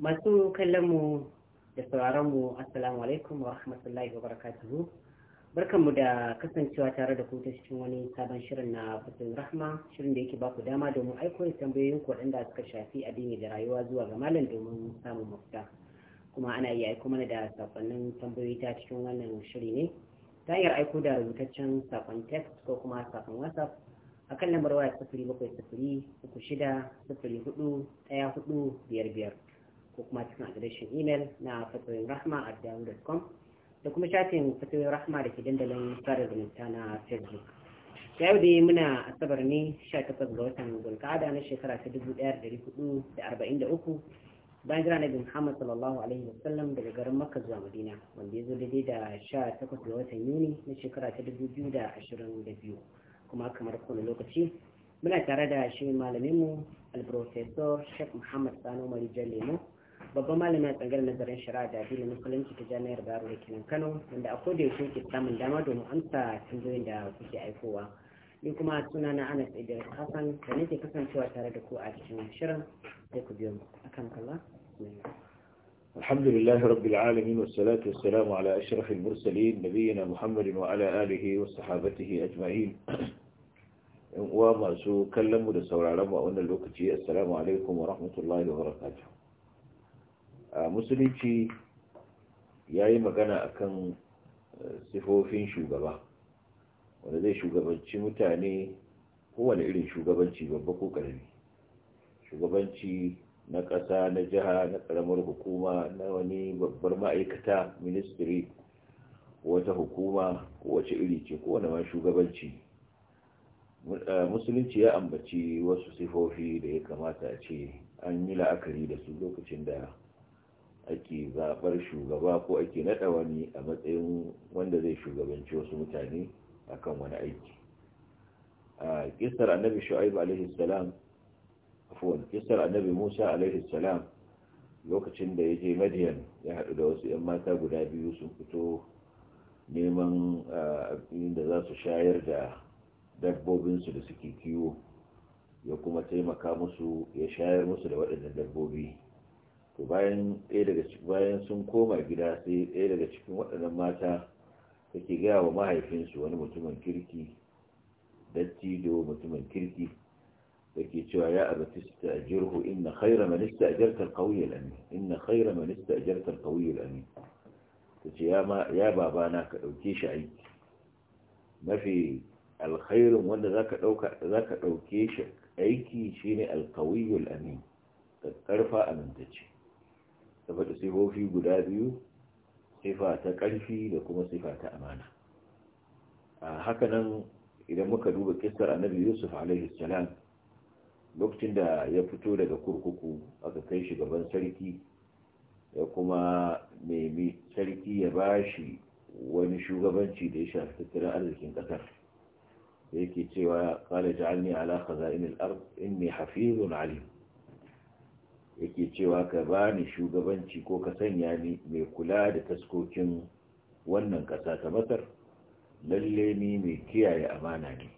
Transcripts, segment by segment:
masu kallon mu da sauraron mu assalamu alaikum wa rahmatullahi wa barakatuhu barkanmu da kasancewa tare da ku ta cikin wani sabon shirin na fasin rahma shirin da yake ba ku dama domin aiko da tambayoyin ku waɗanda suka shafi addini da rayuwa zuwa ga malam domin samun mafita kuma ana iya aiko mana da sakonnin tambayoyi ta cikin wannan shiri ne ta hanyar aiko da rubutaccen sakon text ko kuma sakon whatsapp a kan lambar waya sifiri bakwai sifiri uku shida sifiri hudu ɗaya hudu biyar biyar ko kuma cikin adireshin imel na fatoyin rahma a yahoo.com da kuma shafin fatoyin rahma da ke dandalin tsarin zumunta na facebook ta yau dai muna asabar ne 18 ga watan zulkada na shekara ta 1443 bayan jira bin muhammad sallallahu alaihi wasallam daga garin makka zuwa madina wanda ya zo daidai da 18 ga watan yuni na shekara ta 2022 kuma kamar kowane lokaci muna tare da shi malaminmu alprofesor sheikh muhammad sanu marijan lemo babban malamin tsangar nazarin shari'a da addinin musulunci ta jami'ar baro da kenan kano wanda a koda yaushe ke samun dama domin amsa tambayoyin da kuke aikowa ni kuma suna na anas idris hassan da nake kasancewa tare da ku a cikin shirin sai ku biyo mu akan kalla الحمد لله رب العالمين والصلاة والسلام على أشرف المرسلين نبينا محمد وعلى آله وصحابته أجمعين وما سو كلموا لسورة لما أن الوقت السلام عليكم ورحمة الله وبركاته musulunci ya yi magana a kan eh, sifofin shugaba wanda zai shugabanci mutane kowane irin shugabanci babba ko ƙarami shugabanci na ƙasa na jiha na karamar hukuma na wani babbar ma'aikata ministry wata hukuma wace iri ce kowane ma shugabanci eh, musulunci ya ambaci wasu sifofi da ya kamata a ce an yi la'akari da su lokacin da ake zaɓar shugaba ko ake naɗa wani a matsayin wanda zai shugabanci wasu mutane akan wani aiki a annabi kisar annabi musa alaihissalam lokacin da ya je madiyan ya haɗu da wasu 'yan mata guda biyu sun fito neman abin da za su shayar da dabbobinsu da suke kiwo ya kuma taimaka musu ya shayar musu da waɗannan dabbobi to bayan ɗaya daga bayan sun koma gida sai ɗaya daga cikin waɗannan mata take gaya wa mahaifinsu wani mutumin kirki dattido mutumin kirki da ke cewa ya abati stajirhu inna khayra man istajarta alqawiy alamin inna khayra man istajarta alqawiy alamin tace ya ma ya babana ka dauke shi aiki mafi alkhairun wanda zaka ka ɗauke dauke shi aiki shine alqawiy ka karfa amintacce ta sifofi guda biyu sifa ta ƙarfi da kuma sifa ta amana a hakanan idan muka duba kistar annabi yusuf alaihi lokacin da ya fito daga kurkuku aka kai shi gaban sarki ya kuma nemi sarki ya ba shi wani shugabanci da ya shafi tattalin arzikin ƙasar da yake cewa kala ja'alni ala khaza'in al-ard inni hafizun alim yake cewa ka bani shugabanci ko ka sanya ni mai kula da taskokin wannan ƙasa ta masar lalle ni mai kiyaye amana ne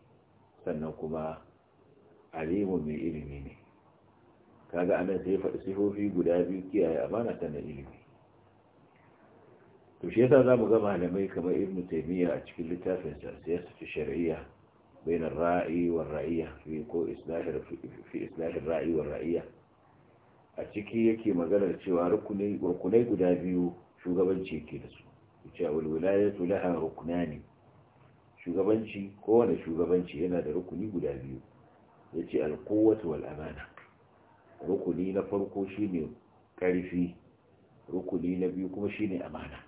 sannan kuma alimu mai ilimi ne kaga anan sai faɗi sifofi guda biyu kiyaye amana sannan ilimi to shi yasa mu ga malamai kamar ibn taymiya a cikin littafin sa siyasa shar'iyya bain ar-ra'i war-ra'iyya fi ko islah fi islah rai a ciki yake maganar cewa rukunai guda biyu shugabanci yake da su wuce walwilayatu laha ne. shugabanci kowane shugabanci yana da rukuni guda biyu yace alquwwatu wal amana rukuni na farko shine karfi rukuni na biyu kuma shine amana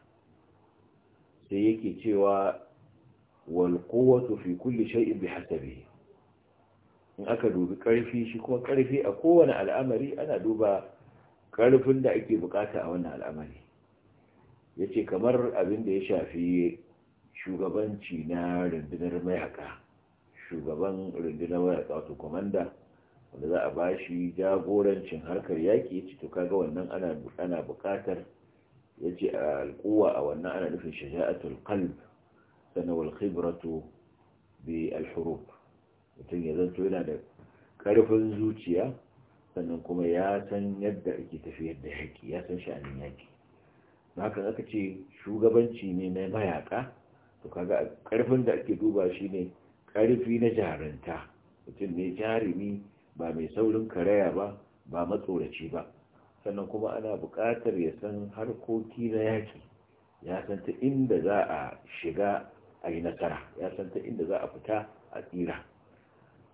sai yake cewa wal fi kulli shay'in bihasabihi in aka dubi karfi shi kuma karfi a kowane al'amari ana duba karfin da ake bukata a wannan al'amari ya ce kamar abin da ya shafi shugabanci na rundunar mayaka shugaban rundunar mayaka wato kwamanda wanda za a ba shi jagorancin harkar yaƙi ci to kaga wannan ana bukatar ya ce alƙuwa a wannan ana nufin shaja'atul qalb sanawal khibratu bi al-hurub mutum ya zanto yana da karfin zuciya sannan kuma ya san yadda ake tafiyar da yaƙi ya san sha'anin yaƙi haka aka ce shugabanci ne na mayaƙa, to kaga karfin da ake duba shi ne karfi na jaranta mutum ne jarumi ba mai saurin karaya ba ba matsoraci ba sannan kuma ana buƙatar ya san harkoki na yaƙi ya san ta inda za a shiga a yi nasara ya san ta inda za a fita a tsira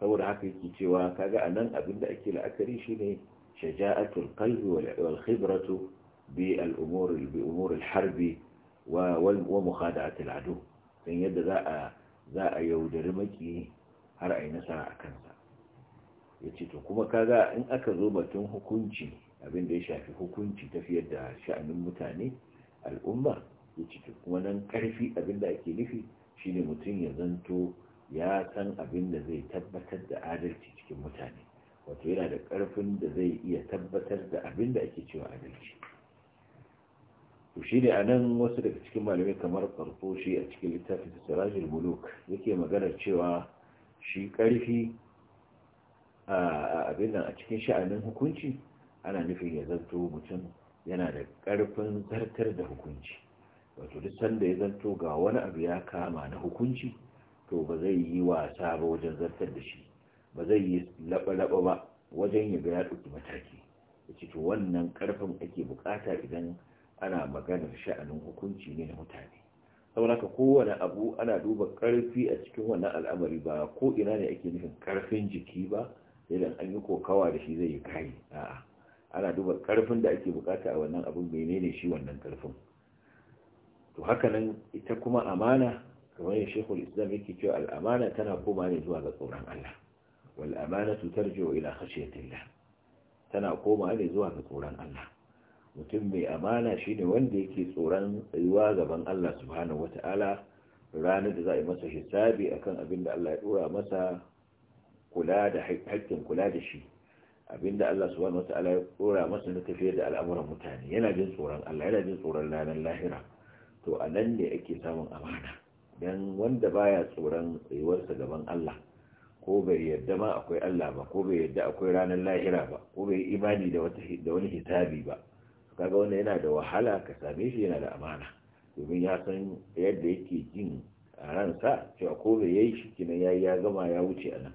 saboda haka yake cewa kaga anan abin da ake la'akari shine shaja'atul qalbi wal khibratu bi al umur bi umur al harbi wa wa mukhada'at al adu dan yadda za a za a yaudari maki har ai nasara a kansa yace to kuma kaga in aka zo batun hukunci abin da ya shafi hukunci tafiyar da sha'anin mutane al'umma yace to kuma nan karfi abin da ake nufi shine mutum ya zanto ya san abin da zai tabbatar da adalci cikin mutane wato yana da ƙarfin da zai iya tabbatar da abin da ake cewa adalci to shi ne a nan wasu daga cikin malamai kamar farfoshi a cikin littafin sirajul muluk yake maganar cewa shi ƙarfi a abin nan a cikin sha'anin hukunci ana nufin ya zanto mutum yana da ƙarfin zartar da hukunci wato duk sanda ya zanto ga wani abu ya kama na hukunci to ba zai yi wasa ba wajen zartar da shi ba zai yi laɓa-laɓa ba wajen ya ga ya ɗauki mataki da cikin wannan ƙarfin ake buƙata idan ana maganar sha'anin hukunci ne na mutane saboda ka kowane abu ana duba ƙarfi a cikin wannan al'amari ba ko ina ne ake nufin ƙarfin jiki ba idan an yi kokawa da shi zai yi kai a'a ana duba ƙarfin da ake buƙata a wannan abu, menene shi wannan ƙarfin to haka nan ita kuma amana kamar yin shekul islam yake cewa al'amana tana koma ne zuwa ga tsoron Allah wal amana tutar jiwa ila khashiyatillah tana koma ne zuwa ga tsoron Allah mutum mai amana shine wanda yake tsoron tsayuwa gaban Allah subhanahu ta'ala, ranar da za a yi masa hisabi akan abin da Allah ya dora masa kula da haƙƙin kula da shi abinda Allah subhanahu ta'ala ya dora masa na tafiye da al'amuran mutane yana jin tsoron Allah yana jin tsoron ranar lahira to a nan ne ake samun amana dan wanda baya tsoron tsayuwarsa gaban Allah ko bai yadda ma akwai Allah ba ko bai yadda akwai ranar lahira ba ko bai imani da wata da wani hisabi ba kaga wannan yana da wahala ka same shi yana da amana domin ya san yadda yake jin a ransa cewa ko bai yayi shi kina yayi ya gama ya wuce a nan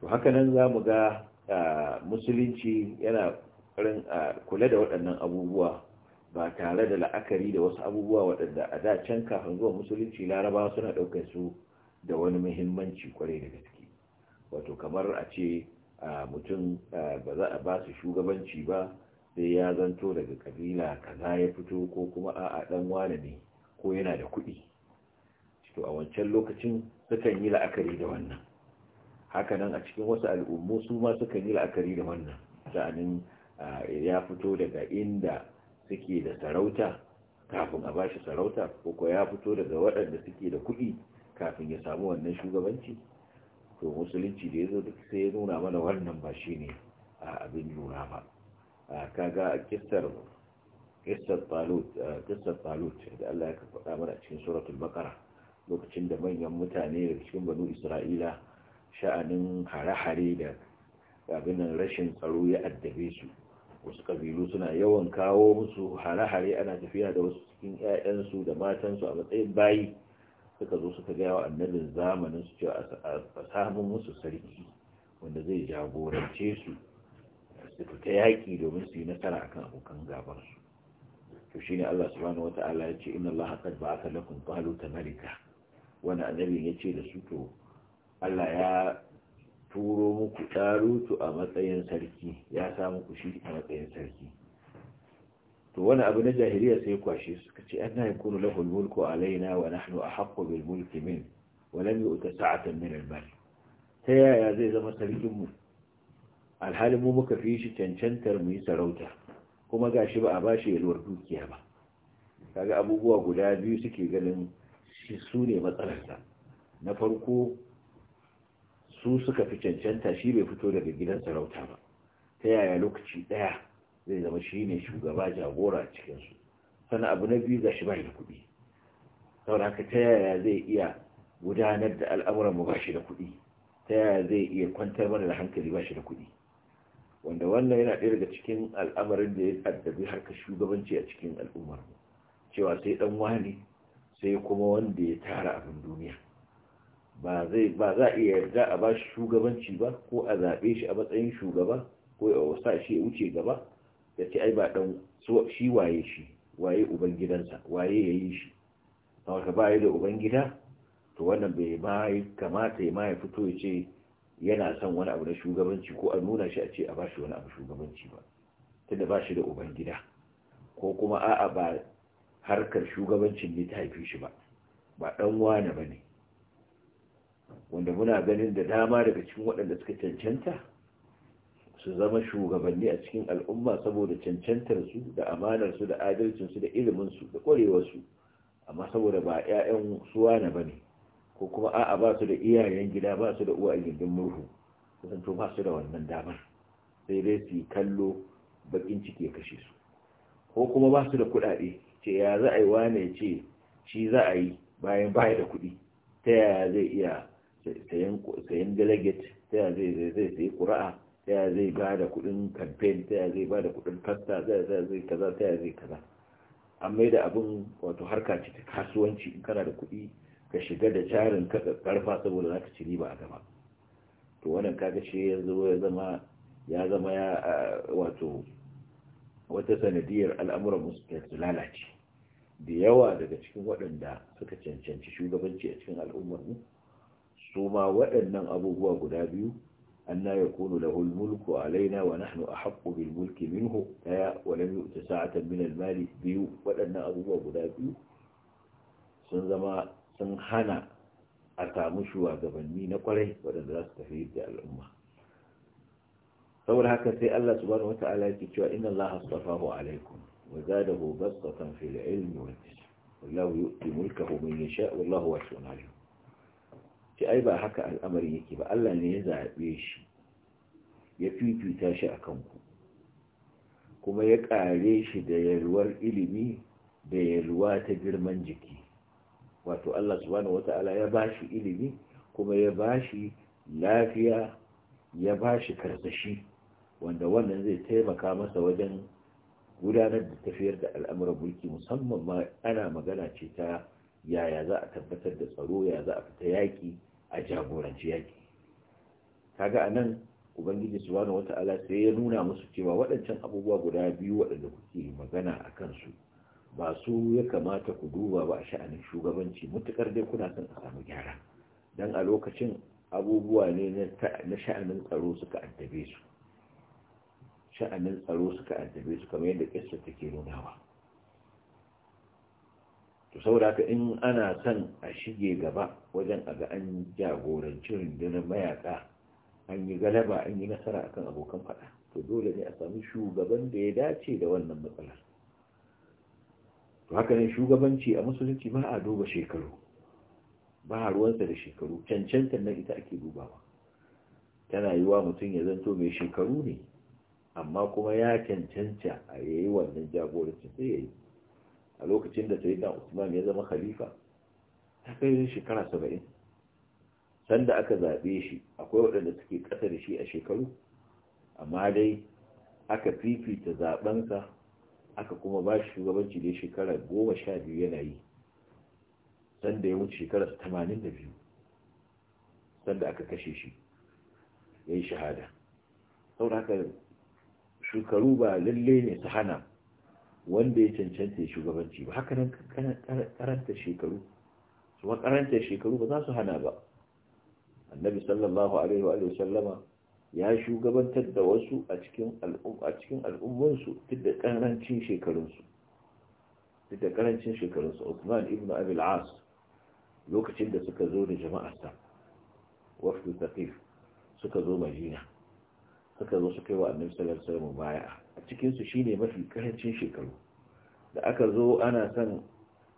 to haka nan za mu ga musulunci yana kula da waɗannan abubuwa ba tare da la'akari da wasu abubuwa waɗanda a da can kafin zuwa musulunci laraba suna ɗaukar su da wani muhimmanci kwarai da gaske wato kamar a ce mutum ba za a ba su shugabanci ba sai ya zanto daga kabila kaza ya fito ko kuma a'a ɗan wane ne ko yana da kuɗi to a wancan lokacin sukan yi la'akari da wannan nan a cikin wasu al'ummu su ma sukan yi la'akari da wannan sha'anin ya fito daga inda suke da sarauta kafin a bashi sarauta ko ya fito daga waɗanda suke da kuɗi kafin ya samu wannan shugabanci to musulunci da ya zo duk sai ya nuna mana wannan ba shi ne a abin nuna ba a kaga a kistar kistar talut da Allah ya faɗa mana cikin suratul bakara lokacin da manyan mutane da cikin banu isra'ila sha'anin hare-hare da abin rashin tsaro ya addabe su wasu kabilu suna yawan kawo musu hare-hare ana tafiya da wasu cikin 'ya'yansu da matansu a matsayin bayi suka zo suka gaya wa annabin zamanin su cewa a samun musu sarki wanda zai jagorance su su fita yaƙi domin su yi nasara akan abokan gabansu to shine Allah subhanahu wata'ala ya ce inna Allah qad ba'atha lakum taluta malika wani annabin ya ce da su to Allah ya turo muku tarutu a matsayin sarki ya sa muku shi a matsayin sarki to wani abu na jahiliya sai kwashe suka ce an na yi lahul mulku alaina wa nahnu a bil mulki min wa lam yu'ta sa'atan min al mal ta yaya zai zama sarkin mu alhali mu muka fi shi cancantar mu yi sarauta kuma gashi ba a bashi yalwar dukiya ba kaga abubuwa guda biyu suke ganin shi sune matsalarsa na farko su suka fi cancanta shi bai fito daga gidan sarauta ba ta yaya lokaci ɗaya zai zama shi ne shugaba jagora cikinsu Sana abu na biyu ga shi bai da kuɗi saboda haka ta yaya zai iya gudanar da al'amuran mu ba shi da kuɗi ta yaya zai iya kwantar mana da hankali ba shi da kuɗi wanda wannan yana ɗaya daga cikin al'amarin da ya addabi harkar shugabanci a cikin al'ummar mu cewa sai ɗan wani sai kuma wanda ya tara abin duniya ba zai ba za a iya yarda a ba shi shugabanci ba ko a zaɓe shi a matsayin shugaba ko a wasa shi ya wuce gaba ya ce ai ba dan shi waye shi waye ubangidansa waye ya yi shi a wata baya da ubangida to wannan bai ma kamata ya ma ya fito ya ce yana son wani abu na shugabanci ko a nuna shi a ce a ba shi wani abu shugabanci ba tunda ba shi da ubangida ko kuma a'a ba harkar shugabancin ne ta haifi shi ba ba dan wane ba ne wanda muna ganin da dama daga cikin waɗanda suka cancanta su zama shugabanni a cikin al'umma saboda cancantarsu da amanarsu da adalcinsu da iliminsu da ƙwarewarsu amma saboda ba 'ya'yan suwana ba ne ko kuma a'a ba su da iyayen gida ba su da uwa gindin murhu kusanto ba su da wannan damar sai dai su kallo bakin ciki ya kashe su ko kuma ba su da kuɗaɗe ce ya za a yi wane ce shi za a yi bayan baya da kuɗi ta yaya zai iya sayan delegate ta ya zai zai sayi ƙura'a ta ya zai ba da kudin campaign ta ya zai ba da kuɗin kasta ta ya zai kaza ta ya zai kaza an mai da abin wato harka ce kasuwanci in kana da kudi ka shiga da jarin ka karfa saboda za ka ci riba a gaba to wannan kaga shi ya zama ya zama ya wato wata sanadiyar al'amuran musu su lalace da yawa daga cikin waɗanda suka cancanci shugabanci a cikin al'ummar mu ثم وإن أبوه وقنا بيه أن يكون له الملك علينا ونحن أحق بالملك منه ولم يؤت ساعة من المال بيو وإن أبوه وقنا بيه سنزما سنخانا أتعمش وقبن مين قره ولن راس تفير دي الأمة فولها كثير الله سبحانه وتعالى تشوى إن الله اصطفاه عليكم وزاده بسطة في العلم والتشف والله يؤتي ملكه من يشاء والله واسعون عليكم ce ai ba haka al'amari yake ba Allah ne ya zaɓe shi ya fifita shi a kanku kuma ya ƙare shi da yalwar ilimi da yalwa ta girman jiki wato Allah subhanahu wata'ala ya ba shi ilimi kuma ya ba shi lafiya ya ba shi karsashi wanda wannan zai taimaka masa wajen gudanar da tafiyar da al'amuran mulki musamman ma ana magana ce ta yaya za a tabbatar da tsaro ya za a fita yaƙi a jagoranci yaƙi kaga anan ubangiji subhanahu wata'ala sai ya nuna musu cewa waɗancan abubuwa guda biyu waɗanda kuke magana a kansu ba su ya kamata ku duba ba a sha'anin shugabanci mutukar dai kuna son a samu gyara don a lokacin abubuwa ne na sha'anin tsaro suka addabe su sha'anin tsaro suka addabe su kamar yadda ƙasar take nunawa to saboda haka in ana son a shige gaba wajen a ga an jagoranci rundunar mayaka an yi galaba an yi nasara akan abokan faɗa to dole ne a sami shugaban da ya dace da wannan matsalar to haka ne shugabanci a musulunci ba a duba shekaru ba a ruwansa da shekaru cancantar na ita ake dubawa tana yiwa mutum ya zanto mai shekaru ne amma kuma ya cancanta a yayi wannan jagorancin sai ya yi a lokacin da sayyidina usman ya zama khalifa ta kai shekara saba'in sanda aka zaɓe shi akwai waɗanda suke ƙasa da shi a shekaru amma dai aka fifita zaɓensa aka kuma ba shi shugabanci da shekara goma sha biyu yana yi sanda ya wuce shekara tamanin da biyu sanda aka kashe shi ya yi shahada saboda haka shekaru ba lalle ne su hana wanda ya cancanta shugabanci ba haka nan karanta shekaru su ma karanta shekaru ba za su hana ba annabi sallallahu alaihi wa sallama ya shugabantar da wasu a cikin al'ummansu duk da karancin shekarunsu duk da karancin shekarunsu Uthman ibn Abi al-As lokacin da suka zo da jama'arsa wafdu taqif suka zo Madina suka zo suka yi wa annabi sallallahu alaihi wa sallam bai'a a cikinsu shi ne mafi karancin shekaru da aka zo ana son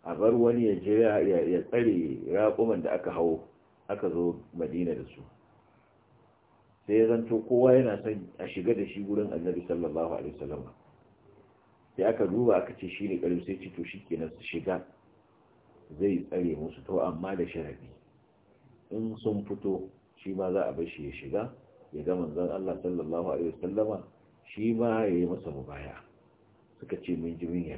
a bar wani ya jira ya tsare raƙuman da aka hau aka zo madina da su sai ya zanto kowa yana son a shiga da shi wurin annabi sallallahu alaihi wasallam sai aka duba aka ce shi ne ƙarfi sai ce to shi kenan su shiga zai tsare musu to amma da sharadi in sun fito shi ma za a bar shi ya shiga ya ga manzon Allah sallallahu alaihi wasallama shi ma ya yi masa mubaya suka ce mun ji mun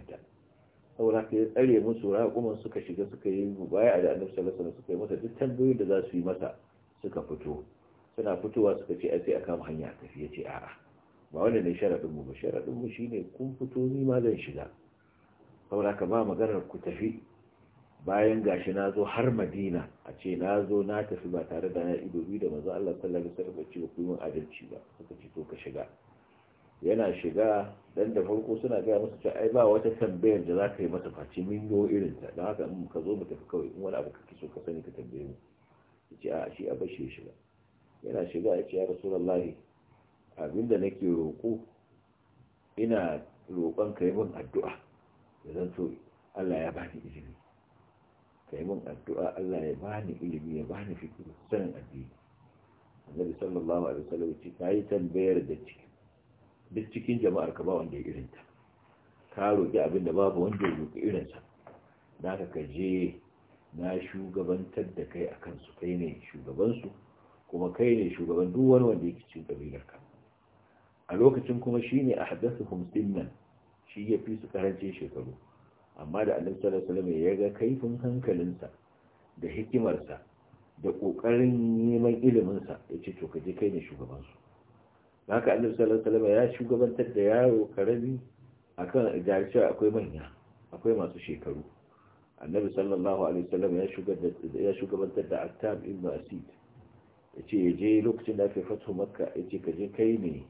saboda ka yi tsare musu raƙuman suka shiga suka yi mubaya da annabi sallallahu alaihi suka yi masa duk tambayoyin da za su yi masa suka fito suna fitowa suka ce ai sai a kama hanya a tafi ce a'a ba wanda ne sharaɗin mu ba sharaɗin mu shine kun fito ni ma zan shiga saboda ka ba maganar ku tafi bayan gashi na zo har madina a ce na zo na tafi ba tare da na ido da maza Allah sallallahu alaihi wasallam ya ce ku yi adalci ba suka ce to ka shiga yana shiga dan da farko suna gaya masa cewa ai ba wata tambayar da za ka yi masa face min yo irin ta don haka in ka zo mu tafi kawai in wani abu ka so ka sani ka tambaye mu ce a shi a bashi shiga yana shiga ce ya rasulullahi abinda nake roƙo, ina roƙon ka yi min addu'a da zan so Allah ya bani izini ka yi min addu'a Allah ya bani ilimi ya bani fikiri sanin addini annabi sallallahu alaihi wasallam ce yi tambayar da ciki duk cikin jama'ar ka ba wanda ya irinta ka roƙi abin da babu wanda ya roƙi irinsa na ka kaje na shugabantar da kai a kansu kai ne shugabansu kuma kai ne shugaban duk wani wanda yake cikin ƙabilar ka a lokacin kuma shi ne a haddasa humsin nan shi ya fi su karancin shekaru amma da annabi sallallahu alaihi wasallam ya ga kaifin hankalinsa da hikimarsa da ƙoƙarin neman iliminsa ya ce to kaje kai ne shugabansu haka annabi sallallahu alaihi ya shugabantar da yaro karami akan jarci akwai manya akwai masu shekaru annabi sallallahu alaihi wasallam ya shugabantar ya shugabantar da attab ibn asid yace ya je lokacin da aka fatu makka yace ka je kai ne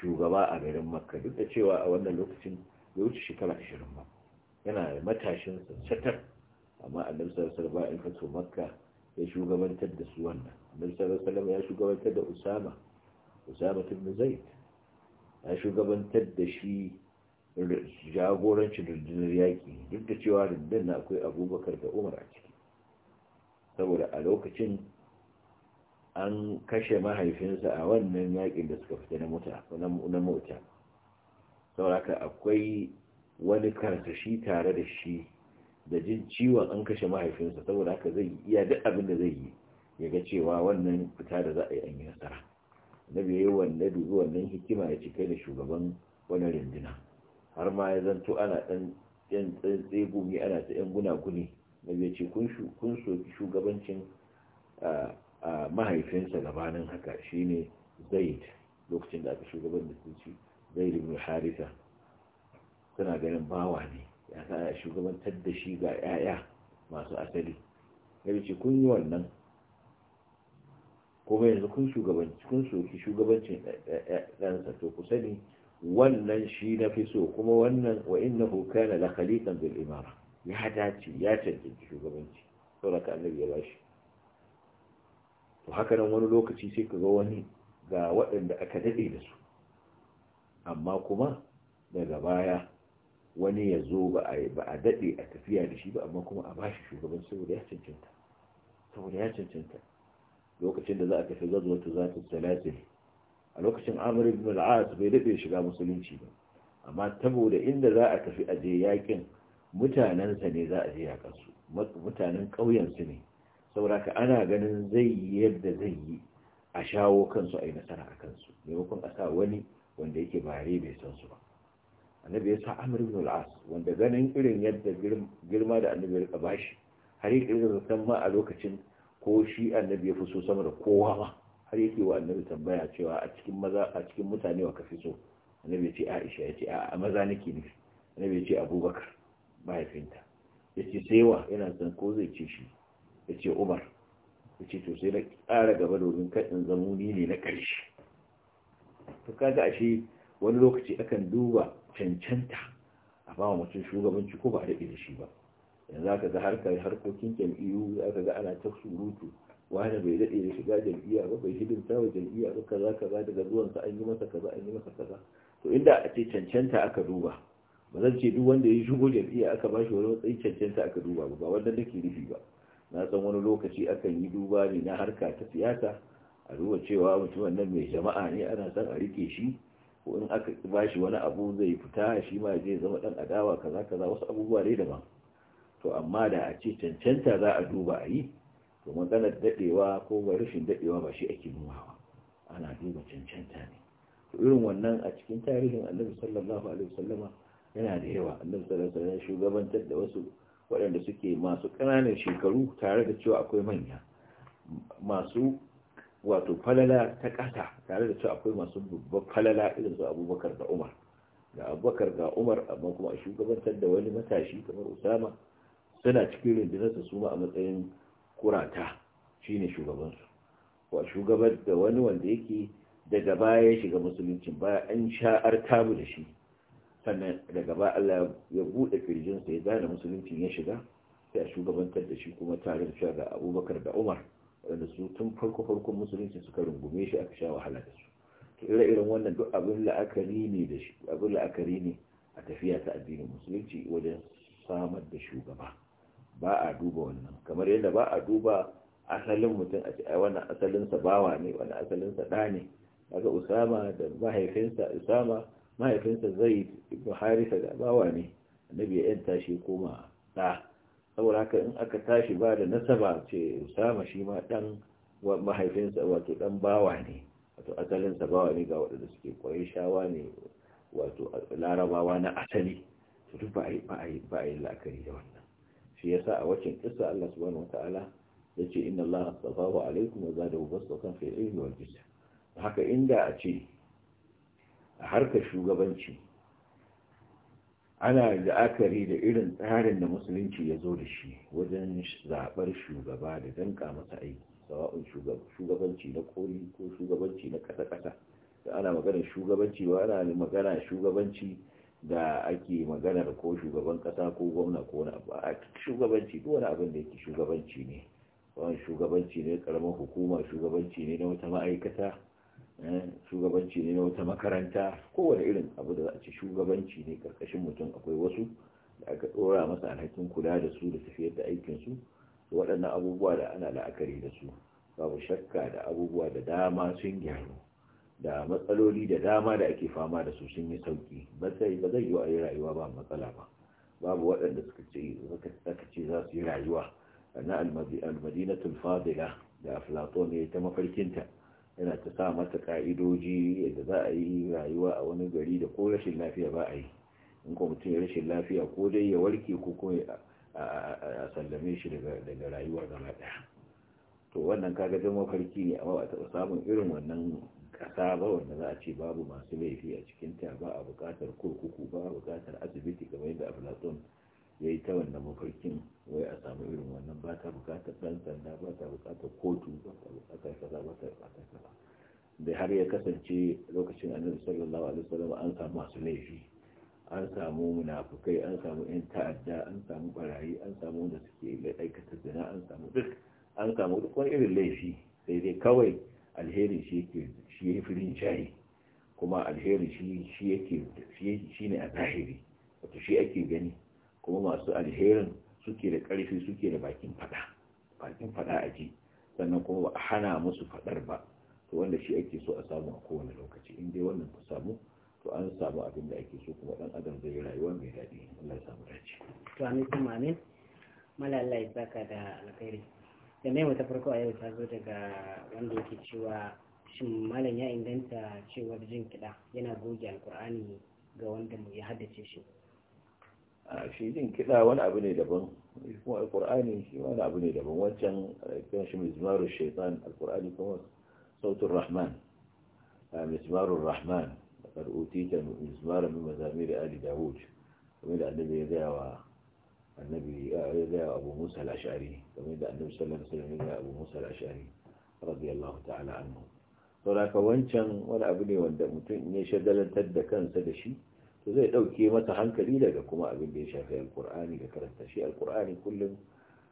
shugaba a garin makka duk da cewa a wannan lokacin ya wuce shekara 20 ba yana matashin satar amma annabi sallallahu alaihi wasallam ya fito makka ya shugabantar da su wannan annabi sallallahu alaihi wasallam ya shugabantar da usama usama ibn zaid ya shugabantar da shi jagorancin rundunar yaƙi duk da cewa rundunar na akwai abubakar da umar a ciki saboda a lokacin an kashe mahaifinsa a wannan yaƙin da suka fita na mota sauraka akwai wani karsashi tare da shi da jin ciwon an kashe mahaifinsa saboda haka zai yi iya duk abinda zai yi ya ga cewa wannan fita da za a yi an yi nasara annabi yayi wannan dubi wannan hikima ya cike da shugaban wani rinduna har ma ya zanto ana dan yan tsegumi ana ta yan gunaguni na ya ce kun soki shugabancin mahaifinsa gabanin haka shine zaid lokacin da aka shugaban da su zaid ibn harisa suna ganin bawa ne ya sa shugabantar da shi ga 'ya'ya masu asali ya ce kun yi wannan kuma yanzu kun shugabanci kun soki shugabancin ɗansa to ku sani wannan shi na fi so kuma wannan wa inna kana la khaliqan bil imara ya dace ya cancanci shugabanci saboda ka annabi ya bashi to haka nan wani lokaci sai ka ga wani ga waɗanda aka daɗe da su amma kuma daga baya wani ya zo ba a daɗe a tafiya da shi ba amma kuma a bashi shugabanci saboda ya cancanta saboda ya cancanta lokacin da za a tafi ta zafi salatin a lokacin amur ibn al bai daɗe shiga musulunci ba amma saboda inda za a tafi aje yakin mutanensa ne za a je yakan su mutanen ƙauyensu ne saboda ka ana ganin zai yi yadda zai yi a shawo kansu a yi nasara a kansu maimakon a sa wani wanda yake bare bai san su ba annabi ya sa amur ibn al wanda ganin irin yadda girma da annabi ya rika bashi har yi kirga san ma a lokacin ko shi annabi ya fi so sama da kowa ma har yake wa annabi tambaya cewa a cikin maza a cikin mutane wa kafi so annabi ce Aisha ya ce a maza nake nufi annabi ce Abubakar mahaifinta ya ce sai wa yana san ko zai ce shi ya ce Umar ya ce to sai na ƙara gaba domin kaɗin zamuni ne na ƙarshe to kaga ashe wani lokaci akan duba cancanta a ba mutum shugabanci ko ba a daɗe da shi ba yanzu aka ga harkar harkokin jam'iyyu ka ga ana ta surutu wani bai daɗe da shiga jam'iyya ba bai hidimta wa jam'iyya ba kaza kaza daga sa an yi masa kaza an yi masa kaza to inda a ce cancanta aka duba ba zan ce duk wanda ya shigo jam'iyya aka ba shi wani matsayi cancanta aka duba ba ba wanda nake rufi ba na san wani lokaci akan yi duba ne na harka ta siyasa a duba cewa mutumin nan mai jama'a ne ana son a rike shi ko in aka ba shi wani abu zai fita shi ma zai zama ɗan adawa kaza kaza wasu abubuwa dai daban to amma da a ce cancanta za a duba a yi to maganar daɗewa ko rashin daɗewa ba shi ake nunawa ana duba cancanta ne to irin wannan a cikin tarihin annabi sallallahu alaihi wasallama yana da yawa annabi sallallahu alaihi wasallama shugabantar da wasu waɗanda suke masu ƙananan shekaru tare da cewa akwai manya masu wato falala ta ƙasa tare da cewa akwai masu babban falala irin su abubakar da umar da abubakar ga umar amma kuma a shugabantar da wani matashi kamar usama suna cikin rundunarsa su ma a matsayin kurata shine shugabansu wa shugabar da wani wanda yake daga baya ya shiga musuluncin baya an sha'ar tabu da shi sannan daga ba Allah ya buɗe kirjinsa ya gane musuluncin ya shiga sai a shugabantar da shi kuma tare da da abubakar da umar wanda su tun farko farkon musulunci suka rungume shi aka sha wahala da su to ire iren wannan duk abin la'akari ne da shi abin la'akari ne a tafiya ta addinin musulunci wajen samar da shugaba ba a duba wannan kamar yadda ba a duba asalin mutum a ce ai asalinsa bawa ne wannan asalinsa ɗa ne daga usama da mahaifinsa usama mahaifinsa zai ibn harisa da bawa ne annabi ya yanta shi koma ɗa saboda haka in aka tashi ba da nasaba ce usama shi ma ɗan mahaifinsa wato ɗan bawa ne wato asalinsa bawa ne ga waɗanda suke koyi shawa ne wato larabawa na asali su duk ba a yi la'akari da wannan shi yasa a wacin kissa Allah subhanahu wataala ya ce inna Allah astafahu alaikum wa zadahu basatan fi ilmi wal jism haka inda a ce a harkar shugabanci ana la'akari da irin tsarin da musulunci ya zo da shi wajen zaɓar shugaba da danka masa aiki sawa'un shugabanci na koli ko shugabanci na ƙasa-ƙasa da ana magana shugabanci ba ana magana shugabanci da ake maganar ko shugaban kasa ko gwamna ko wani ba a shugabanci wani abin da yake shugabanci ne wani shugabanci ne karamar hukuma shugabanci ne na wata ma'aikata eh, shugabanci ne na wata makaranta kowane irin abu da za a ce shugabanci ne karkashin mutum akwai wasu da aka ɗora masa alhakin kula da su da tafiyar da aikin su waɗannan abubuwa da ana la'akari da su babu shakka da abubuwa da dama sun gyaru da matsaloli da dama da ake fama da su sun yi sauki ba sai ba zai yi a rayuwa ba matsala ba babu waɗanda suka ce suka ce za su yi rayuwa na almadina fadila da aflaton ne ta mafarkinta yana ta sa mata ka'idoji da za a yi rayuwa a wani gari da ko rashin lafiya ba a yi in ko mutum ya rashin lafiya ko dai ya warke ko kuma a sallame shi daga rayuwar gaba ɗaya to wannan kaga ta mafarki ne amma ba taɓa samun irin wannan ƙasa ba wanda za a ce babu masu laifi a cikinta ba a buƙatar kurkuku ba a buƙatar asibiti kamar yadda aflaton ya yi ta wannan mafarkin wai a samu irin wannan ba ta buƙatar ɗan sanda ba ta buƙatar kotu ba ta buƙatar kaza ba ta buƙatar kaza da har ya kasance lokacin annabi sallallahu alaihi wasallam an samu masu laifi an samu munafukai an samu yan ta'adda an samu barayi an samu wanda suke aikata zina an samu duk an samu duk wani irin laifi sai dai kawai alheri shi ke. shi ya fi rinjaye kuma alheri shi ne a zahiri wato shi ake gani kuma masu alherin suke da karfi suke da bakin fada bakin fada a ji sannan kuma ba a hana musu fadar ba to wanda shi ake so a samu a kowane lokaci in dai wannan ta samu to an samu abin da ake so kuma dan adam zai rayuwa mai daɗi Allah ya samu dace to amin kuma amin Allah ya saka da alkhairi da mai ta farko a yau ta zo daga wanda yake cewa shin malam ya inganta cewar jin kiɗa yana goge alkur'ani ga wanda mu ya haddace shi a shi jin kiɗa wani abu ne daban kuma alkur'ani shi wani abu ne daban wancan kan shi mizmarun shaitan alkur'ani kuma sautun rahman mizmarun rahman da karɓuti ta mizmarun min da ali dawud kuma da annabi ya gaya wa annabi ya gaya wa abu musa al-ashari da annabi sallallahu alaihi wasallam ya gaya abu musa al-ashari radiyallahu ta'ala anhu sauraka wancan wani abu ne wanda mutum ya shagalantar da kansa da shi to zai ɗauke masa hankali daga kuma abin da ya shafi alkur'ani da karanta shi alkur'ani kullum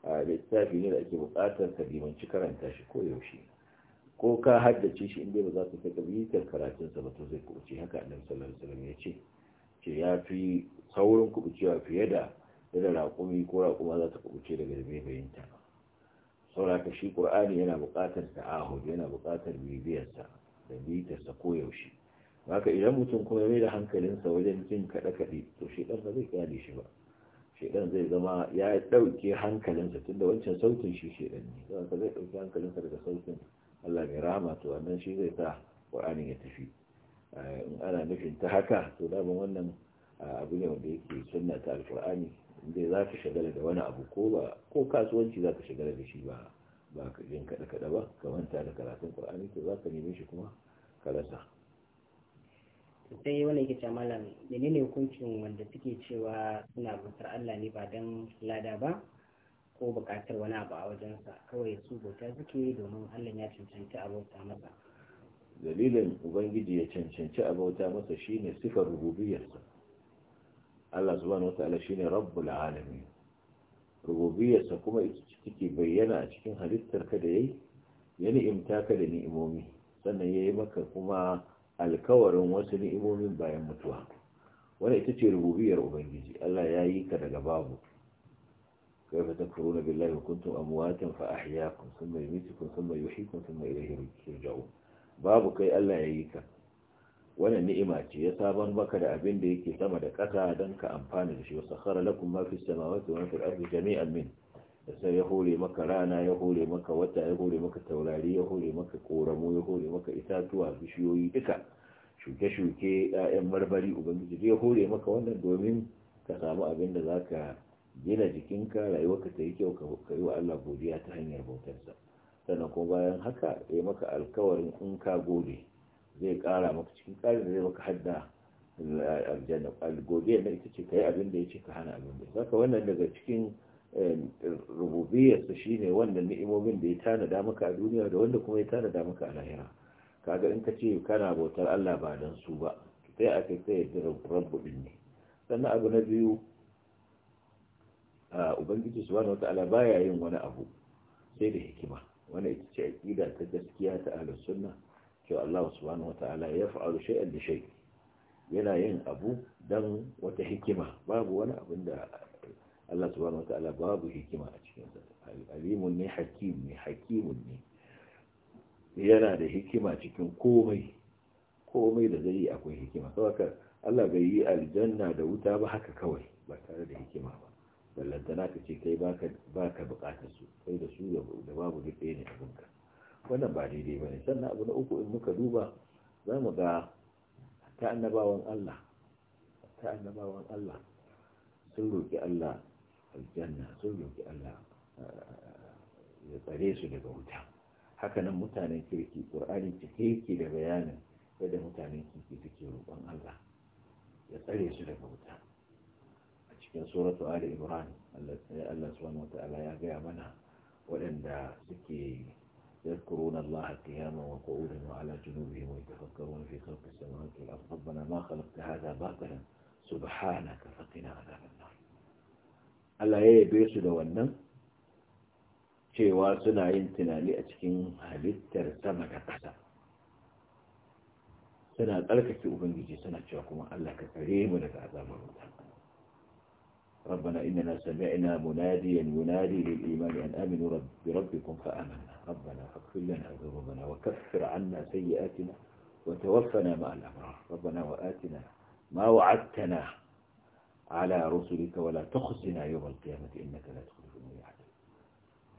a littafi ne da ake buƙatar ka dimanci karanta shi ko yaushe ko ka haddace shi inda ba za taɓa kai kabitar karatunsa ba to zai kubuce haka a sallallahu alaihi wasallam ya ce ce ya fi saurin kubucewa fiye da da raƙumi ko raƙuma za ta kubuce daga da bai bayanta ba sauraka shi ƙur'ani yana buƙatar ta'ahud yana buƙatar bibiyarsa da bitarsa koyaushe haka idan mutum kuma mai da hankalinsa wajen jin kaɗe-kaɗe to shi ɗan ba zai kyale shi ba shi ɗan zai zama ya ɗauke hankalinsa tun da wancan sautin shi shi ɗan ne zai zai hankalin sa daga sautin allah mai rahama to wannan shi zai sa ƙur'anin ya tafi eh, in ana nufin ta haka to daban wannan ah, abu ne wanda yake sunna ta alƙur'ani inda za ka shagala da wani abu ko ba ko kasuwanci za ka shagala da shi ba ba ka jin kada kada ba ka manta da karatun qur'ani to za ka neme shi kuma ka rasa sai wani yake cewa malam menene hukuncin wanda suke cewa suna bautar Allah ne ba dan lada ba ko bukatar wani abu a wajen sa kawai su bauta suke domin Allah ya cancanci a bauta masa dalilin ubangiji ya cancanci a bauta masa shine sifar rububiyarsa Allah subhanahu wataala shine rabbul alamin rububiyarsa kuma take bayyana a cikin halittar ka da yayi ya ni'imta ka da ni'imomi sannan yayi maka kuma alkawarin wasu ni'imomin bayan mutuwa Wani ita ce rububiyar ubangiji Allah ya yi ka daga babu كيف تكفرون بالله وكنتم أمواتا فأحياكم ثم يميتكم ثم يحييكم ثم إليه ترجعون babu kai Allah ya yi ka wani ni'ima ce ya sabon maka da abin da yake sama da ƙasa don ka amfana da shi wasu kara lakun ma sama wasu wa fil jami'an min da sai ya hore maka rana ya hore maka wata ya hore maka taurari ya hore maka ƙoramu ya hore maka itatuwa bishiyoyi duka shuke-shuke ɗayan marmari ubangiji ya hore maka wannan domin ka samu abin da za ka gina jikinka ka ta yi kyau ka yi wa Allah godiya ta hanyar bautarsa sannan kuma bayan haka ya maka alkawarin in ka gode zai kara maka cikin karin da zai maka hadda aljanna gobe na ita ce kai abin da ya ce ka hana abin da saka wannan daga cikin eh, rububiyarsa shine wannan ni'imomin da ya tanada maka a duniya da wanda kuma ya tanada maka a lahira kaga in ka ce kana bautar Allah ba dan su ba sai a kai sai da rabbubin ne sannan abu na biyu a ubangiji subhanahu wataala baya yin wani abu sai da hikima wannan ita ce aqida ta gaskiya ta ahlus sunna cewa Allah subhanahu wata'ala ya fa'alu shay'an da yana yin abu dan wata hikima babu wani abin da Allah subhanahu wata'ala babu hikima a cikin sa alimun ne hakim ne hakimun ne yana da hikima cikin komai komai da zai yi akwai hikima saboda Allah bai yi aljanna da wuta ba haka kawai ba tare da hikima ba ballantana ka ce kai baka bukatar su kai da su da babu duk ɗaya ne wannan ba daidai ba ne sannan abu na uku in muka duba za mu ga ta annabawan Allah ta annabawan Allah sun roƙi Allah aljanna sun roƙi Allah eh, ya tsare su daga wuta hakanan mutanen kirki ƙur'ani cike yake da bayanin yadda mutanen kirki suke roƙon Allah ya tsare su daga wuta a cikin suratu ali imran Allah subhanahu wa ta'ala ya gaya mana waɗanda suke يذكرون الله قياما وقعودا وعلى جنوبهم ويتفكرون في خلق السماوات والأرض ربنا ما خلقت هذا باطلا سبحانك فقنا عذاب النار الا هي yabe su da wannan cewa suna yin tunani a cikin سنة sama da ƙasa سنة tsarkake ألا suna cewa kuma ربنا إننا سمعنا مناديا ينادي للإيمان أن آمنوا بربكم فآمنا ربنا فاغفر لنا ذنوبنا وكفر عنا سيئاتنا وتوفنا مع الأبرار ربنا وآتنا ما وعدتنا على رسلك ولا تخزنا يوم القيامة إنك لا تخلف الميعاد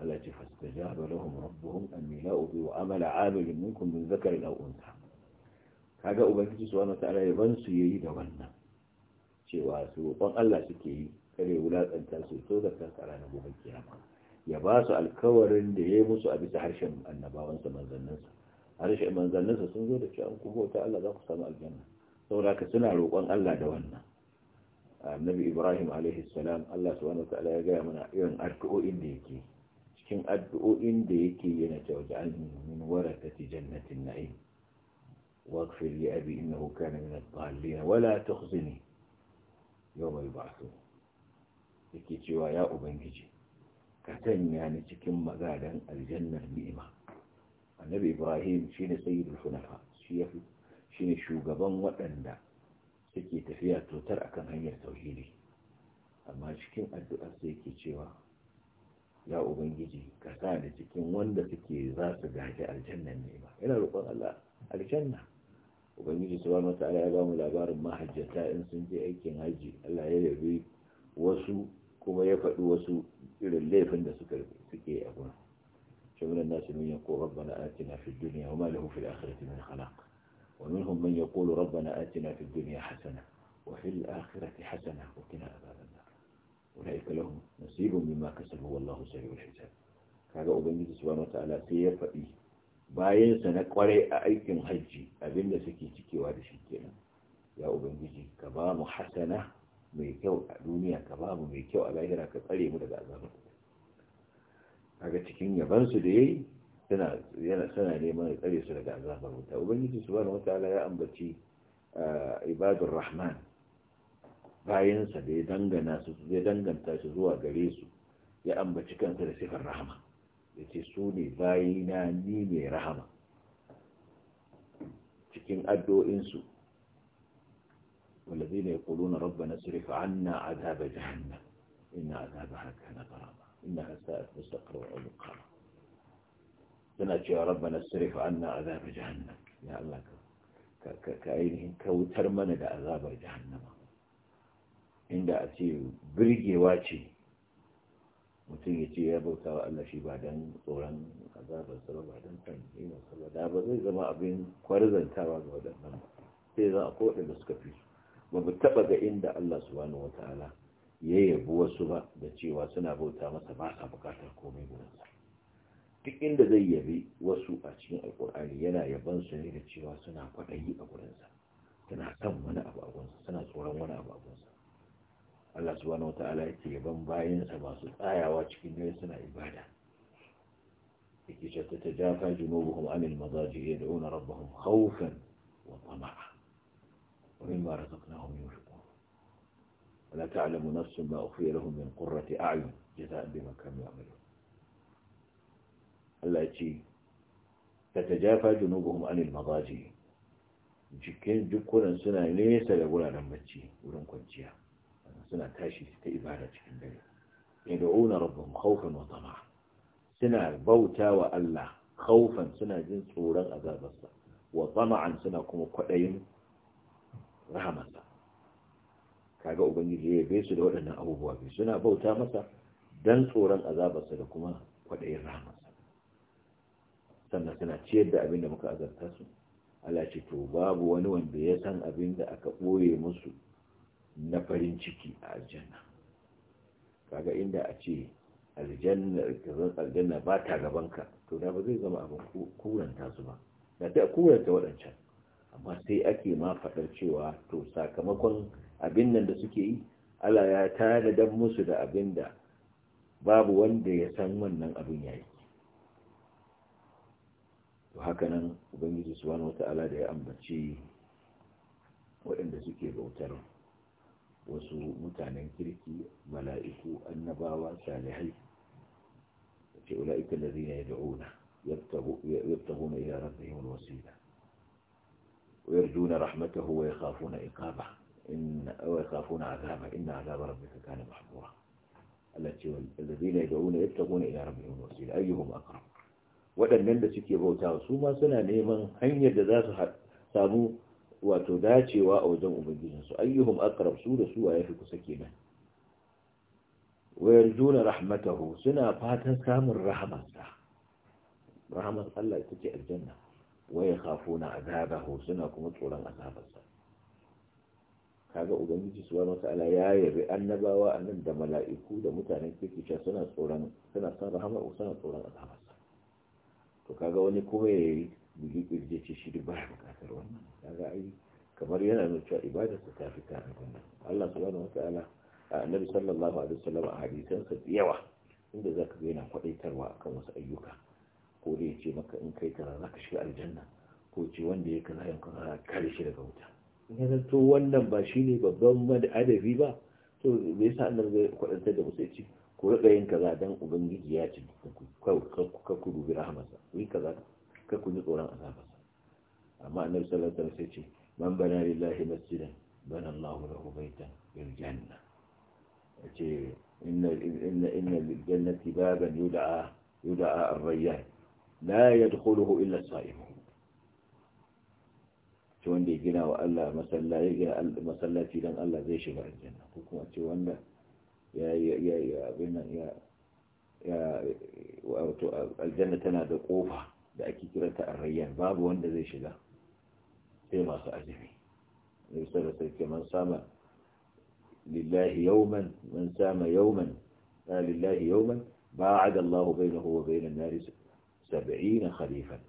التي فاستجاب لهم ربهم أني لا أضيع عمل عامل منكم من ذكر أو أنثى هذا ubangiji subhanahu wataala yaban su yayi da wannan cewa su kon أن suke yi على wulatsanta القيامة ya ba su alkawarin da ya yi musu a bisa harshen annabawansa manzanninsa harshen manzanninsa sun zo da cewa an kuma wata Allah za ku samu aljanna saboda ka suna roƙon Allah da wannan annabi Ibrahim alaihi salam Allah subhanahu wataala ya gaya mana irin addu'o'in da yake cikin addu'o'in da yake yana cewa ja'alni min warasati jannatin na'im واغفر لي أبي إنه كان من الضالين ولا تخزني يوم يبعثون yake cewa ya ubangiji ka sanya ni cikin magadan aljannar ni'ima annabi ibrahim shine sayyidul hunafa shi yafi shine shugaban waɗanda suke tafiya totar akan hanyar tauhidi amma cikin addu'ar sai yake cewa ya ubangiji ka sa cikin wanda suke za su gaji aljannan ni'ima ina roƙon Allah aljanna ubangiji subhanahu wataala ya ba mu labarin mahajjata in sun je aikin haji Allah ya yabi wasu kuma ya faɗi wasu irin laifin da suka suke a gurin shi min an-nas min yaqulu rabbana atina fid dunya wa ma lahu fil akhirati min khalaq wa minhum man yaqulu rabbana atina fid dunya hasana wa fil akhirati hasana wa qina adhaban nar ulaika lahum nasibun mimma kasabu wallahu sari'ul hisab kaga ubangiji subhanahu wataala sai ya faɗi bayansa na kwarai a aikin hajji abinda suke cikewa da shi kenan ya ubangiji ka ba mu hasana mai kyau a duniya ka ba mu mai kyau a lahira ka tsare mu daga azabar daga cikin yabansu da yayi suna suna neman ya tsare su daga azabar wuta ubangiji subhanahu wataala ya ambaci eh, ibadur rahman bayansa da ya dangana su ya danganta su zuwa gare su ya ambaci kansa da sifar rahama ya ce su ne bayina ni mai rahama cikin addu'o'insu والذين يقولون ربنا اصرف عنا عذاب جهنم إن عذابها كان غراما إنها ساءت مستقر ومقاما سنأتي يا ربنا اصرف عنا عذاب جهنم يا الله كأينهم كوتر من العذاب جهنم عند أتي برجي واتي mutum ya ce ya bauta wa Allah shi ba don tsoron azabarsa ba ba don kan imansa ba da ba zai zama abin kwarzantawa ga waɗannan sai za a kowaɗanda suka fi su ba mu taɓa ga inda Allah subhanahu ta'ala ya yabi wasu ba da cewa suna bauta masa ba a bukatar komai gurinsa duk inda zai yabi wasu a cikin alkur'ani yana yaban su ne da cewa suna kwaɗayi a gurinsa suna kan wani abu a gurinsa suna tsoron wani abu a gurinsa Allah subhanahu ta'ala yake yaban bayansa masu tsayawa cikin dare suna ibada yake ce ta tajafa junubuhum anil mazaji yad'una rabbahum khawfan wa tama'a ومما رزقناهم ينفقون ولا تعلم نفس ما أخفي لهم من قرة أعين جزاء بما كانوا يعملون التي تتجافى جنوبهم عن المضاجع jikin dukkanin suna nesa da wuraren bacci wurin kwanciya suna tashi ta ibada cikin dare yad'una rabbahum khawfan wa tama'a suna bauta wa Allah khawfan suna jin tsoron azabarsa wa tama'an suna kuma kwadayin rahamansa kaga ubangiji ya bai su da waɗannan abubuwa bai suna bauta masa dan tsoron azabarsa da kuma kwaɗayin rahamarsa sannan suna ciyar da abin da muka azarta su Allah ce to babu wani wanda ya san abin da aka ɓoye musu na farin ciki a aljanna kaga inda a ce aljanna ba ta gabanka to da ba zai zama abin kuranta su ba da ta kuranta waɗancan amma sai ake ma faɗar cewa to sakamakon abin nan da suke yi Allah ya dan musu da abin da babu wanda ya san wannan abin yayi to haka nan ubangiji subhanahu wata'ala da ya ambaci waɗanda suke bautar wasu mutanen kirki mala'iku annabawa salihai ce ula'ika lazina yad'una yabtaguna ila rabbihim alwasila ويرجون رحمته ويخافون عقابه إن ويخافون عذابه إن عذاب ربك كان محظورا التي الذين يدعون يتقون إلى ربهم الوسيلة أيهم أقرب waɗannan da suke bautawa su ma suna neman hanyar da za su samu wato dacewa a wajen ubangijinsu ayyuhum aqrab su da su waye fi kusa kenan wayar juna rahmatahu suna fatan samun rahamarsa rahamar Allah ita ce aljanna waya na azabahu suna kuma tsoron azabarsa kaga ubangiji subhanahu wataala ya yabi annabawa annan da mala'iku da mutanen kirkice suna tsoron suna san rahama suna tsoron azabarsa to kaga wani kuma ya yi bugi kirje ce shi ba ya bukatar wannan kaga ai kamar yana nuna cewa ibada su ta fita wannan Allah subhanahu wataala annabi sallallahu alaihi wasallam a hadisansa da yawa inda zaka ga yana kwadaitarwa akan wasu ayyuka ko ya ce maka in kai tara za ka shiga aljanna ko ce wanda ya kaza yanka za kare shi daga wuta ya to wannan ba shi ne babban adabi ba to me yasa Allah zai kwadanta da musu ce ku rika yin kaza dan ubangiji ya ce ka ku dubi rahamarsa yi kaza ka ku ji tsoron azabarsa amma annabi sallallahu alaihi sai ce man bana lillahi masjidan bana Allahu lahu baitan bil janna ce inna inna inna lil jannati baban yud'a yud'a ar-rayyan لا يدخله إلا الصائم توند يجينا وألا مثلا يجينا مثلا تيلا ألا زي شبع الجنة كوكو توند يا يا يا يا بنا يا يا الجنة تنادى قوفة بأكيد كرة الريان باب وند زي شبع في ما سأجمي يسأل سيدك من سام لله يوما من سام يوما لله يوما باعد الله بينه وبين النار saba'ina khalifan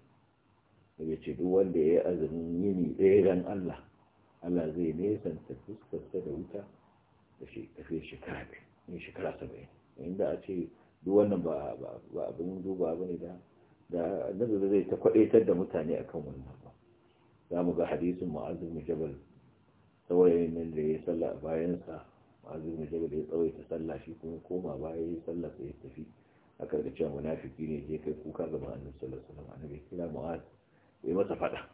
ya ce duk wanda ya yi azumin yini ɗaya don Allah Allah zai nesanta fuskarsa da wuta da shi shekara shekara saba'in inda a ce duk wannan ba abin duba ba ne da da zai ta kwaɗaitar da mutane akan wannan ba za mu ga hadisin ma'azin mujabal saurayin nan da ya salla bayansa ma'azin mujabal ya tsawaita sallah shi kuma koma baya ya salla sai ya tafi aka ga cewa munafiki ne je kai kuka ga annabi sallallahu alaihi wasallam annabi kira mu'az ya masa fada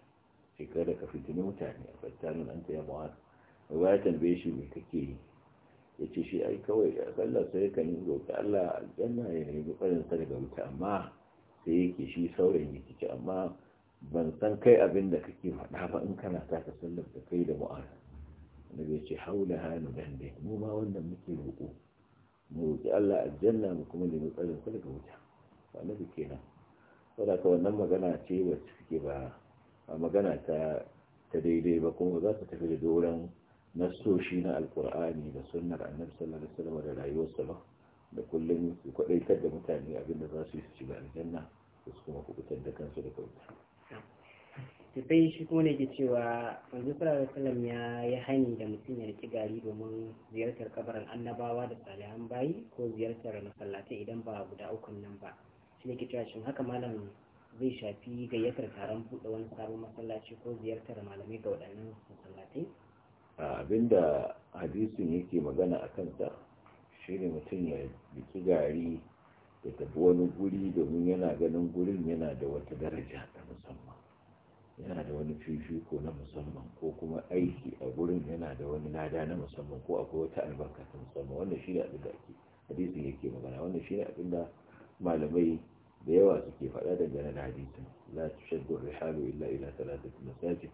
sai da ka fitini mutane a an ta ya mu'az ya tambaye shi me kake yi yace shi ai kawai Allah sai ka yi roƙi Allah aljanna ya nemi tsarin sa daga wuta amma sai yake shi saurayin yake ce amma ban san kai abin da kake faɗa ba in kana ta ka sallar da kai da mu'az annabi ya ce haula hanu dan dai mu ma wannan muke roƙo mu roƙi Allah aljanna mu kuma nemi tsarin ku daga wuta ba annabi kenan wadda ka wannan magana ce wacce suke ba magana ta daidai ba kuma za ta tafi da doron nasoshi na alkur'ani da sunnar annabi sallallahu alaihi wasallam da rayuwar ba da kullum su kwadaitar da mutane abinda za su yi su ba aljanna su kuma kubutar da kansu da wuta. tufai shi kuma ne ke cewa manzo sallallahu alaihi ya yi hani da mutum ya riki gari domin ziyartar kabarin annabawa da salihan bayi ko ziyartar masallatai idan ba guda ukun nan ba shi ne ke cewa shin haka malam zai shafi gayyatar taron buɗe wani sabon masallaci ko ziyartar malamai ga waɗannan masallatai abinda hadisin yake magana a kansa shi ne mutum ya riki gari ya tafi wani guri domin yana ganin gurin yana da wata daraja ta musamman yana da wani fifiko na musamman ko kuma aiki a gurin yana da wani lada na musamman ko akwai wata albarka ta musamman wannan shi ne abin da ake hadisin yake magana wannan shi ne abin da malamai da yawa suke faɗa dangane da hadisin la tushaddu rihalu illa ila thalathati masajid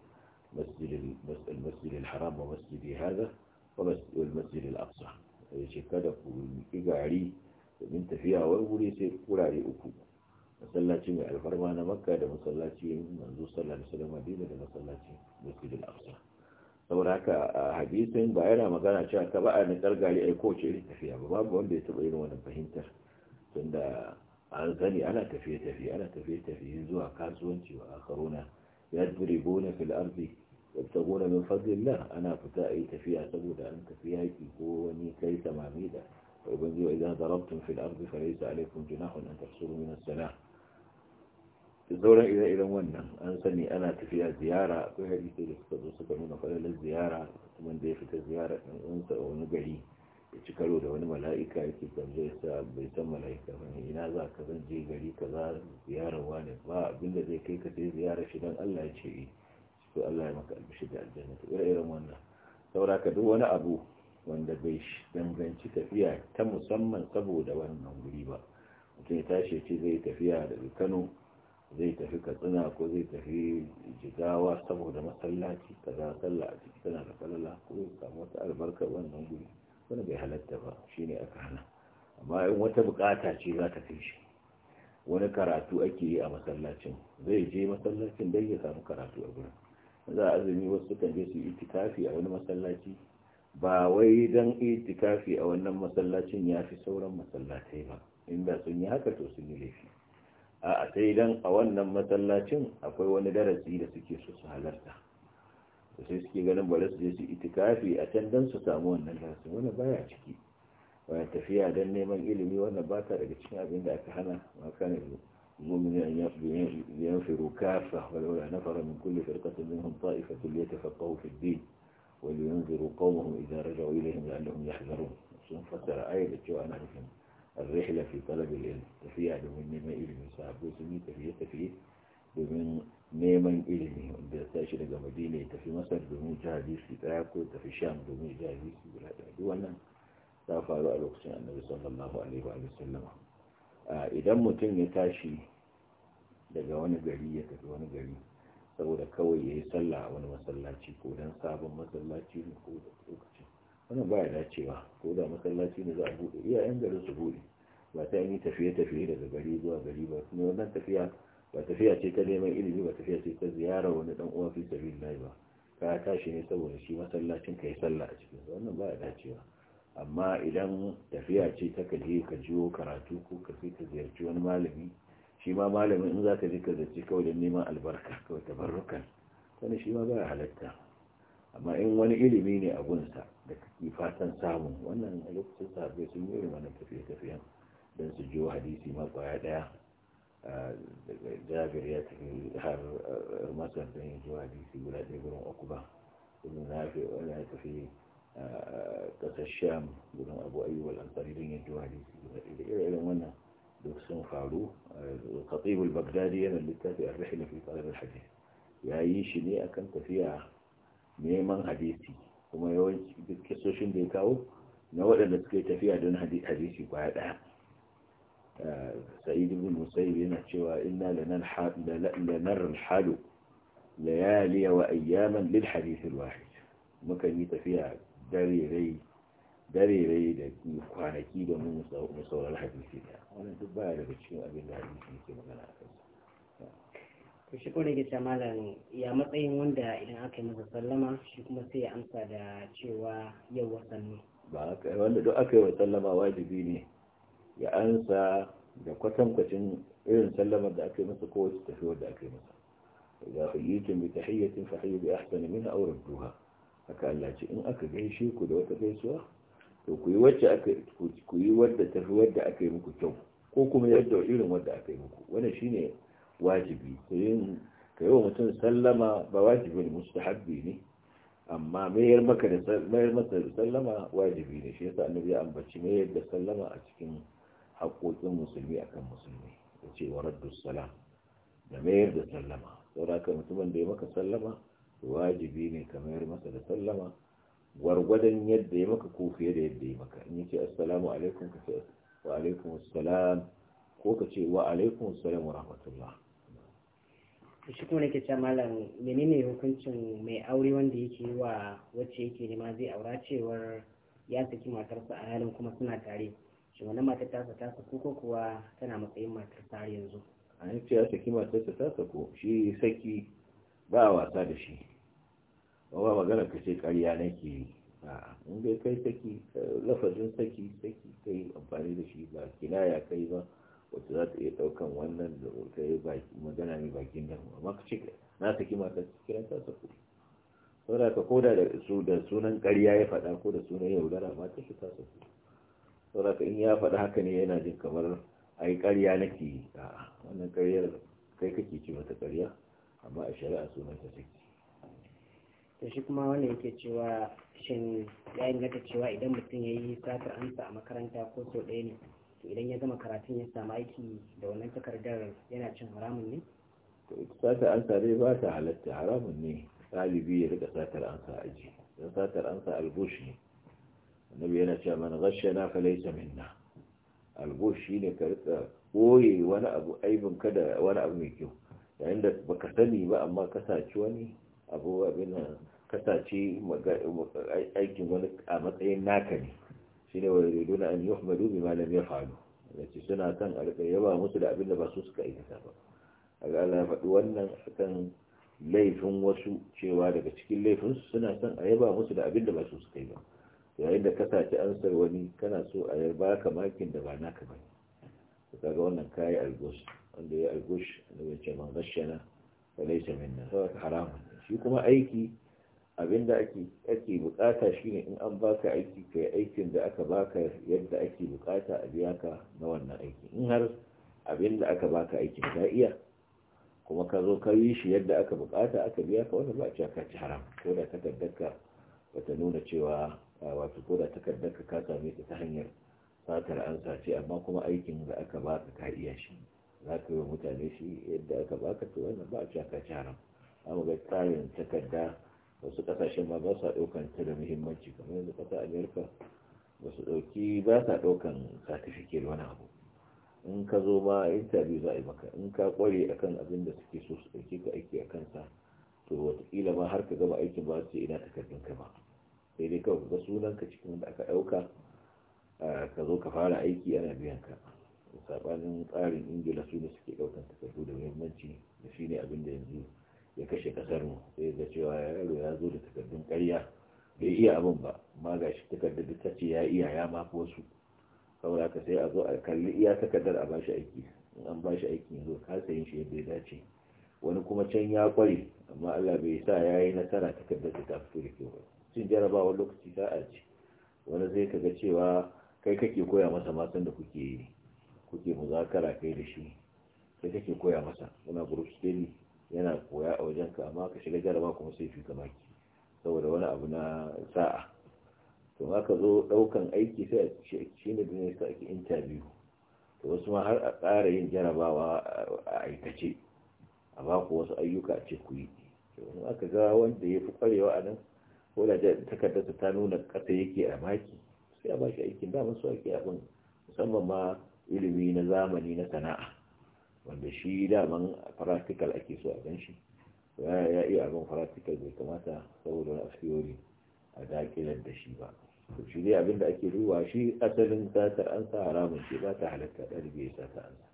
masjid al-masjid al-haram wa masjid hadha wa masjid al-aqsa yace kada ku yi gari domin tafiya wani wuri sai kurare uku masallaci mai alfarma na makka da masallaci manzo sallallahu alaihi wasallam madina da masallaci masjidul aqsa saboda haka hadisin ba yana magana cewa ka ba a nikar gari ai ko ce tafiya ba babu wanda ya taba irin wannan fahimtar tunda an sani ana tafiye tafiye ana tafiye tafiye zuwa kasuwanci wa akaruna yadribuna fil ardi yabtaguna min fadlillah ana fita ai tafiya saboda an tafi yaki ko wani kai samami da ubangiji idan darabtum fil ardi falaysa alaykum junahun an tahsuru min as-salah zauren ire-iren wannan an sani ana tafiya ziyara akwai hadisi da suka zo suka nuna kwallon ziyara kuma da ya fita ziyara ɗan uwansa a wani gari ya ci karo da wani mala'ika yake tambayar sa bai san mala'ika ba ne ina za ka zan je gari ka za ziyarar wani ba abin da zai kai ka sai ziyara shi dan Allah ya ce ko eh. Allah ya maka albishi da aljanna ta ire-iren wannan saboda ka duk wani abu wanda bai danganci tafiya ta musamman saboda wannan guri ba mutum ya tashi ya ce zai tafiya daga Kano zai tafi katsina ko zai tafi jigawa saboda masallaci ta za a ciki tana da falala ko zai samu wata albarka wannan guri wani bai halatta ba shine aka hana amma in wata bukata ce za ta kai shi wani karatu ake yi a masallacin zai je masallacin dai ya samu karatu a gurin za a azumi wasu kan je su itikafi a wani masallaci ba wai don itikafi a wannan masallacin ya fi sauran masallatai ba inda sun yi haka to sun yi laifi a'a sai idan a wannan matsalacin akwai wani darasi da suke su halarta da sai suke ganin ba su je itikafi a can don su samu wannan darasi wani baya ciki baya tafiya don neman ilimi wannan ba ta daga cikin abin da aka hana makanin mummunan yan firu kafa wani wani na fara min kulle firkata min hun ta'ifa kulle ta fakka wani yan firu kawo mu idan rajawa da allahun ya zaro sun fassara ayyar da cewa ana nufin الرحلة في طلب tafiya تفيا دومين نيمان إلمي صحابو سمي تفيا تفيا domin neman ilimi wanda ya tashi daga madina ya tafi masa domin ji hadisi daya ko tafi sham domin ji hadisi wannan ta faru a lokacin annabi sallallahu alaihi wa sallama idan mutum ya tashi daga wani gari ya tafi wani gari saboda kawai ya yi sallah a wani masallaci ko dan sabon masallaci ne ko wannan baya dacewa ko da masallaci ne za a buɗe iyayen garin su buɗe ba ta yi tafiye-tafiye daga gari zuwa gari ba kuma wannan tafiya ba tafiya ce ta neman ilimi ba tafiya ce ta ziyara wani dan uwa fi sabilillahi ba ka tashi ne saboda shi masallacin ka yi sallah a cikin wannan baya dacewa amma idan tafiya ce ta kaje ka jiyo karatu ko ka sai ka ziyarci wani malami shi ma malamin in za ka je ka zaci kawai da neman albarka kawai tabarrukan wani shi ma baya halatta amma in wani ilimi ne a gunsa da kake fatan samu wannan a lokacin sahabbai sun yi irin na tafiye-tafiyen don su jiwo hadisi ma kwaya daya jabir ya tafi har masar don yin jiwo hadisi guda ɗaya gurin okuba ibn nafi wani ya tafi ƙasar sham gurin abu ayyuwa al'ansari don yin jiwo hadisi guda ɗaya irin wannan duk sun faru katibul bagdadi yana littafi a rahila fi tsarin hadisi ya yi shi ne akan tafiya neman hadisi kuma yawanci duk kisoshin da ya kawo na waɗanda suka yi tafiya don hadisi ya ɗaya eh, sa'id ibn musayyib yana cewa inna lanar alhalu layaliya wa ayyaman lil hadith alwahid muka yi tafiya dare dare da kwanaki domin mu hadisi ɗaya wannan duk baya daga cikin abin da hadisi yake magana a to shi kone gita malam ya matsayin wanda idan aka yi masa sallama shi kuma sai ya amsa da cewa yau wasan ne. ba wanda duk aka yi wa sallama wajibi ne ya ansa da kwatankwacin irin sallamar da aka yi masa kowace tafiyar da aka yi masa yi hayyitum bi tahiyyatin fa hayyu bi ahsani min aw rudduha haka Allah ce in aka gaishe ku da wata gaisuwa to ku yi wacce aka ku yi wadda tafiyar da aka yi muku kyau ko kuma yadda irin wadda aka yi muku wannan shine wajibi ka yi wa mutum sallama ba wajibi ne mustahabbi ne amma mayar maka da mayar masa da sallama wajibi ne shi yasa annabi ya ambaci mayar da sallama a cikin haƙoƙin musulmi akan musulmi ya ce wa raddu salam da mayar da sallama saboda mutumin da ya maka sallama wajibi ne ka mayar masa da sallama gwargwadon yadda ya maka ko fiye da yadda ya maka in yace assalamu alaikum ka ce wa alaikum assalam ko ka ce wa alaikum assalam wa rahmatullah shi kuma nake cewa malam menene hukuncin mai aure wanda yake yi wa wacce yake nema zai aura cewar ya saki matarsa a halin kuma suna tare shi wannan matar ta ta saku ko kuwa tana matsayin matar ta har yanzu an ce ya saki matarsa ta saku shi saki ba wasa da shi ba ba magana ka ce ƙarya nake yi in dai kai saki eh, lafazin saki saki kai amfani da shi ba kinaya kai ba wacce za ta iya ɗaukan wannan da ta yi magana ne bakin damu amma ka ce na saki mata kiran ta sako saboda ka koda da su da sunan ƙarya ya faɗa ko da sunan yaudara ma ta shi ta sako saboda ka in ya faɗa haka ne yana jin kamar ai ƙarya nake a wannan ƙaryar kai kake ce mata ƙarya amma a shari'a sunan ta saki ta shi kuma wanda yake cewa shin ya inganta cewa idan mutum ya yi satar amsa a makaranta ko sau ɗaya ne idan ya gama karatun ya samu aiki da wannan takardar yana cin haramun ne satar ansa dai ba ta halatta haramun ne ɗalibi ya rika satar ansa aji don satar ansa alboshi ne annabi yana cewa man ghashana fa laysa minna alboshi ne ka rika koye wani abu aibin ka wani abu mai kyau yayin da baka sani ba amma ka saci wani abu abin ka saci aikin wani a matsayin naka ne shi ne wani na an yuhmadu ya falu ce suna kan a yaba musu da abin da ba su suka ta ba a Allah ya faɗi wannan kan laifin wasu cewa daga cikin laifin su suna son a yaba musu da abin da ba su suka yi ba yayin da ka saci ansar wani kana so a yarba ka makin da ba naka ba ka ga wannan kayi algosh wanda ya algush da wace man gashana da minna saboda haramun shi kuma aiki abinda ake ake bukata shine in an baka aiki kai aikin da aka baka yadda ake bukata a biya ka na wannan aiki in har abin da aka baka aikin ka iya kuma ka zo ka yi shi yadda aka bukata aka biya ka wannan ba a ka ci haram ko da takardarka ta nuna cewa wato ko da takardarka ka same ta ta hanyar satar an sace amma kuma aikin da aka baka ka iya shi za ka yi wa mutane shi yadda aka baka to wannan ba a ka ci haram amma ga tsarin takarda wasu kasashen ma ba sa daukan ta da muhimmanci kamar yanzu kasa amerika ba su dauki ba sa daukan certificate wani abu in ka zo ma interview za a yi maka in ka kware akan abin da suke so su dauke ka aiki a kansa to watakila ma har ka gama aikin ba su ina takardun ka ba sai dai kawai ga sunan ka cikin wanda aka dauka ka zo ka fara aiki ana biyan ka sabanin tsarin ingila su ne suke daukan takardu da muhimmanci da shine abin da yanzu ya kashe kasar mu sai ga cewa yaro ya zo da takardun ƙarya bai iya abin ba amma ga shi takardar ta ce ya iya ya ma wasu saboda ka sai a zo a kalli iya takardar a ba shi aiki in an ba shi aiki yanzu ka sayin shi yadda ya dace wani kuma can ya kware amma Allah bai sa ya yi nasara takardar da ta fito da kyau ba cin jarabawa lokaci a ce wani zai ga cewa kai kake koya masa ma da kuke kuke muzakara kai da shi sai kake koya masa ka shiga jaraba kuma sai fi gaba saboda wani abu na sa'a to ka zo daukan aiki sai a shi ne duniya sai ake interview to wasu ma har a tsara yin jarabawa a aikace a ba ku wasu ayyuka a ce ku yi to in aka ga wanda ya fi kwarewa a nan ko da takarda ta nuna kasa yake a maki sai a ba shi aikin da masu ake abin musamman ma ilimi na zamani na sana'a wanda shi daman practical ake so a gan shi ya iya abin practical bai kamata saboda wani asiyori a dakilar da shi ba to shi dai abin da ake duba shi asalin satar an sa haramun ce ba ta halatta ɗalibi ya sata an sa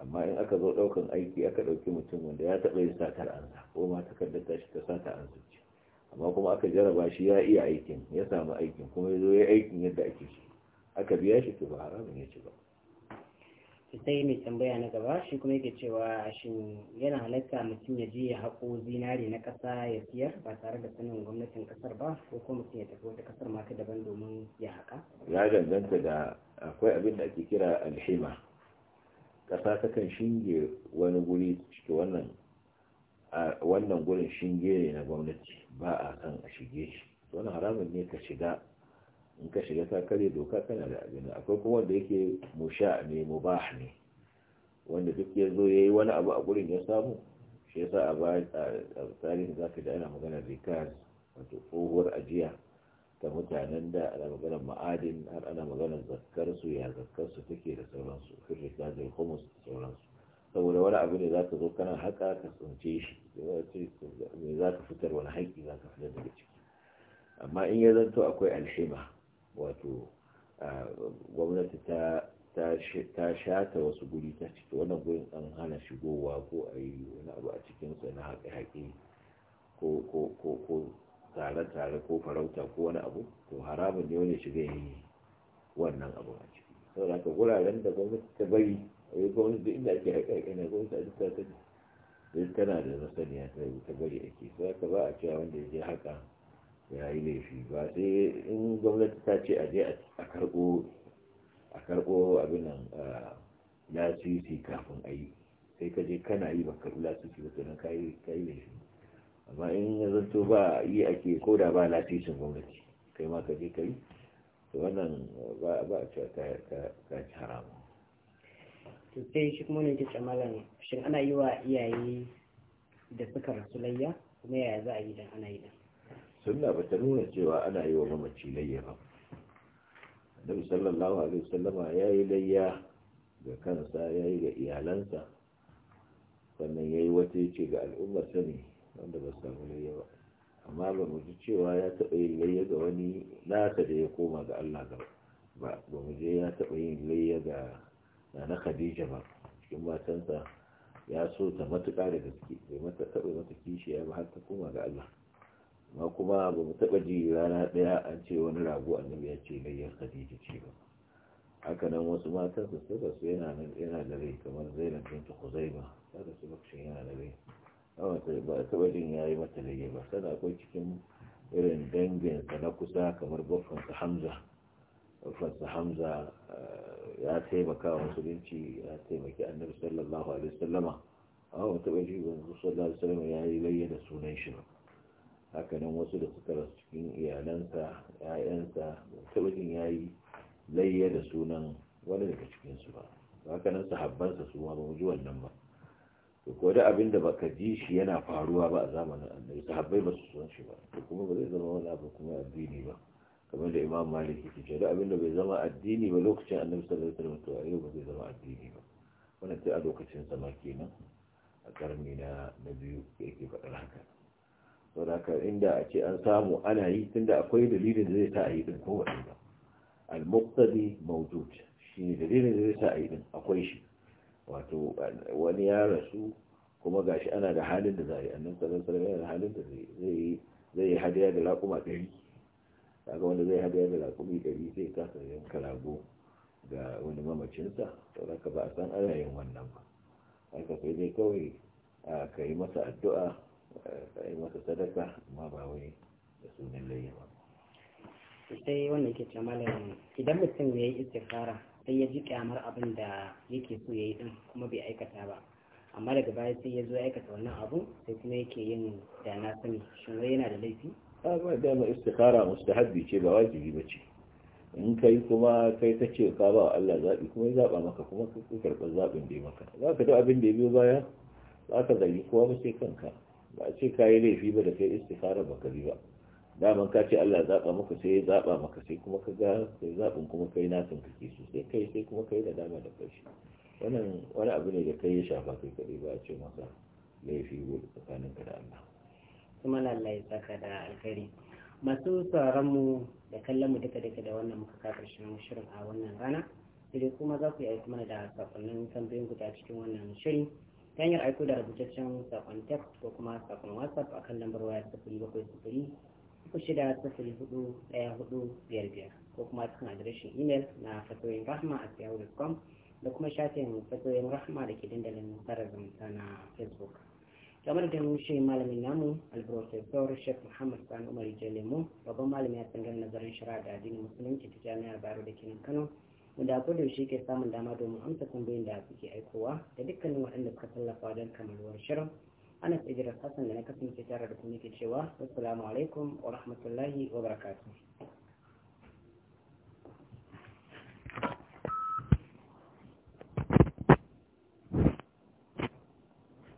amma in aka zo ɗaukan aiki aka ɗauki mutum wanda ya taɓa yin satar an sa ko ma takardar ta shi ta sata an sa ce amma kuma aka jaraba shi ya iya aikin ya samu aikin kuma ya zo ya aikin yadda ake shi aka biya shi to ba haramun ya ci ba sai mai tambaya na gaba shi kuma yake cewa shin yana halatta mutum ya je ya haƙo zinari na ƙasa ya siyar ba tare da sanin gwamnatin ƙasar ba ko kuma mutum ya tafi wata ƙasar ma ta daban domin ya haƙa ya danganta da akwai abin da ake kira alhima ƙasa ta kan shinge wani guri ciki wannan wannan gurin shinge ne na gwamnati ba a kan a shige shi wani haramun ne ka shiga in ka shiga ta kare doka kana da abin akwai kuma wanda yake musha ne mubah ne wanda duk ya zo ya wani abu a gurin ya samu shi yasa a ba a tsarin za ka ji ana magana rikaz wato tsohuwar ajiya ta mutanen da ana magana ma'adin har ana magana zakkar su ya zakkar su take da sauransu fil rikaz al khumus da sauransu saboda wani abu ne za ka zo kana haka ka tsince shi me za ka fitar wani haƙƙi za ka fitar daga ciki amma in ya zanto akwai alhima wato gwamnati ta ta shata wasu guri ta ciki wannan gurin an hana shigowa ko a yi wani abu a cikinsa na haƙe-haƙe ko tare-tare ko farauta ko wani abu to haramun ne wani shiga yi wannan abu a ciki sau da guraren da gwamnati ta bari a yi gwamnati da inda ake haƙe-haƙe na gwamnati a duk ta sani tana da masaniya ta bari ake sau da ba a cewa wanda ya je haka ya laifi ba sai in gwamnati ta ce a je a karɓo abin nan lasisi kafin a yi sai ka je kana yi baka karɓi lasisi ba sai ka yi laifi amma in ya zanto ba yi ake ko da ba lasisin gwamnati kai ma ka je ka yi to wannan ba a cewa ka ci haramu to sai shi kuma ke shin ana yi wa iyaye da suka rasu layya kuma yaya za a yi dan ana yi dan sunna ba ta nuna cewa ana yi wa mamaci layya ba annabi sallallahu alaihi wasallama ya yi layya ga kansa ya yi ga iyalansa sannan ya yi wata ya ce ga al'ummar sani wanda ba samu layya ba amma ba mu ji cewa ya taɓa yin layya ga wani nasa da ya koma ga Allah ga ba ba mu je ya taɓa yin layya ga nana Khadija ba cikin matansa ya so ta matuƙa da gaske bai mata taɓa mata kishiya ba har ta koma ga Allah ma kuma ba mu taɓa ji rana ɗaya an ce wani rago annabi ya ce gayyar khadija ce ba haka nan wasu matan su suka su yana nan yana da rai kamar zainab bintu khuzaima da su lokacin yana da rai ba a taɓa jin ya yi mata gayyar ba sannan akwai cikin irin danginsa na kusa kamar baffansa hamza baffansa hamza eh, ya taimaka wa musulunci ya taimaki annabi sallallahu alaihi wasallama a wata bai shi wanzu sallallahu alaihi wasallama ya yi layyana sunan shi ba hakanan wasu da suka rasu cikin iyalansa ‘ya'yansa suka jin ya yi layya da sunan wani daga cikinsu ba hakanan sahabbansa su ma ba ji wannan ba to ko da abin da baka ji shi yana faruwa ba a zamanin annabi sahabbai ba su san shi ba to kuma ba zai zama wani abu kuma addini ba kamar da imam malik yake ce da abin da bai zama addini ba lokacin annabi sallallahu alaihi wasallam to yau ba zai zama addini ba wannan sai a lokacin sama kenan a karni na na biyu yake faɗar haka saboda inda a an samu ana yi tunda akwai dalilin da zai sa a yi din ko ba al-muqtadi mawjud shine dalilin da zai sa a yi din akwai shi wato wani ya rasu kuma gashi ana da halin da zai annan sallallahu alaihi yana da halin da zai zai yi hadiya da raƙuma ɗari kaga wanda zai hadiya da raƙumi ɗari zai kasa yanka rago ga wani mamacinsa saboda ba a san ana yin wannan ba aka sai dai kawai ka yi masa addu'a a yi masa sadaka amma ba wai da sunan layi ba sai wannan ke ce malam idan mutum ya yi istikhara sai ya ji kyamar abin da yake so ya yi din kuma bai aikata ba amma daga baya sai ya zo aikata wannan abu sai kuma yake yin da na sani shin wai yana da laifi a ba da ma istikhara mustahabbi ce ba wajibi ba ce in kai kuma kai ta ce ka ba Allah zaɓi kuma ya zaɓa maka kuma ka karɓar zaɓin da ya maka za ka abin da ya biyo baya za ka zargi kowa ba sai kanka ba ce ka yi laifi ba da kai istikhara ba ka ba daman ka ce Allah zaɓa maka sai ya zaɓa maka sai kuma ka ga sai zaɓin kuma kai san kake so sai kai sai kuma kai da dama da kashi wannan wani abu ne da kai ya shafa kai kaɗai ba a ce maka laifi tsakanin ka da Allah kuma lallai tsaka da alkhairi masu tsaron mu da kallon mu duka duka da wannan muka ka karshen shirin a wannan rana sai kuma za ku yi aiki mana da sakonnin tambayoyin guda cikin wannan shirin ta hanyar aiko da rubutaccen sakon text ko kuma sakon whatsapp a kan lambar waya sifiri bakwai sufuri uku shida sifiri hudu ɗaya hudu biyar biyar ko kuma cikin adireshin imel na fatoyin rahma a yahoo.com da kuma shafin fatoyin rahma da ke dandalin sarar zumunta na facebook game da shi malamin namu alprofesor sheikh muhammad sani umar jalemu babban malami a tsangar nazarin shari'a da addinin musulunci ta jami'ar bayero da kenan kano wanda akwai da shi ke samun dama domin amsa tambayin da kuke aikowa da dukkanin waɗanda suka tallafa don kamaruwar shirin ana tsibirar hassan da na kasance tare da kuma ke cewa assalamu alaikum wa rahmatullahi wa barakatuh